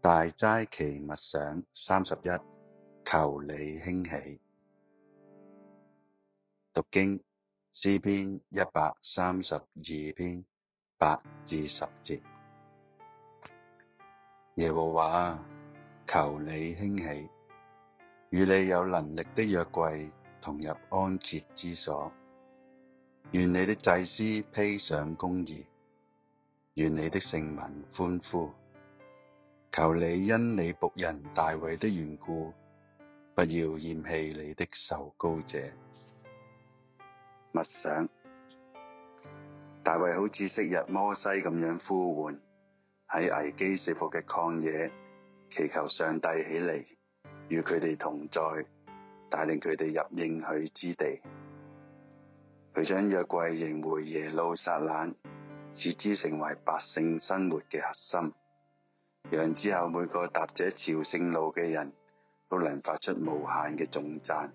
大齋期默想三十一，求你興起。讀經詩篇一百三十二篇八至十節。耶和華，求你興起，與你有能力的約櫃同入安歇之所，願你的祭司披上公義。願你的聖民歡呼，求你因你僕人大衛的緣故，不要厭棄你的受膏者。默想，大衛好似昔日摩西咁樣呼喚，喺危機四伏嘅曠野，祈求上帝起嚟，與佢哋同在，帶領佢哋入應許之地。佢將約櫃迎回耶路撒冷。使之成為百姓生活嘅核心，讓之後每個踏着朝聖路嘅人都能發出無限嘅頌讚。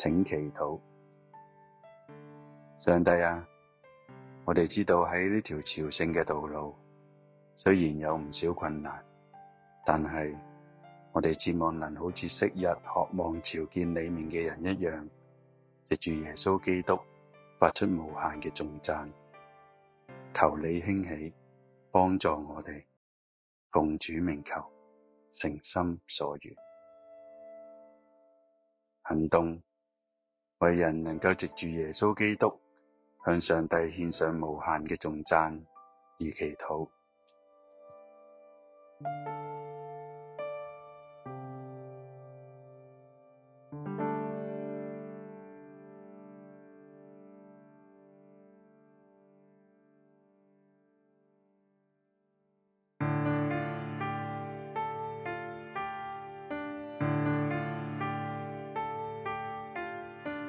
請祈禱，上帝啊！我哋知道喺呢條朝聖嘅道路，雖然有唔少困難，但係我哋只望能好似昔日渴望朝見祢面嘅人一樣，藉住耶穌基督發出無限嘅頌讚，求你興起幫助我哋，奉主名求，誠心所願，行動。為人能夠藉住耶穌基督向上帝獻上無限嘅頌讚而祈禱。